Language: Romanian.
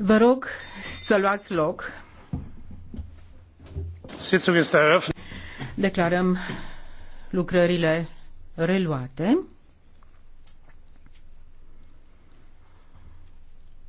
Vă rog să luați loc. Declarăm lucrările reluate.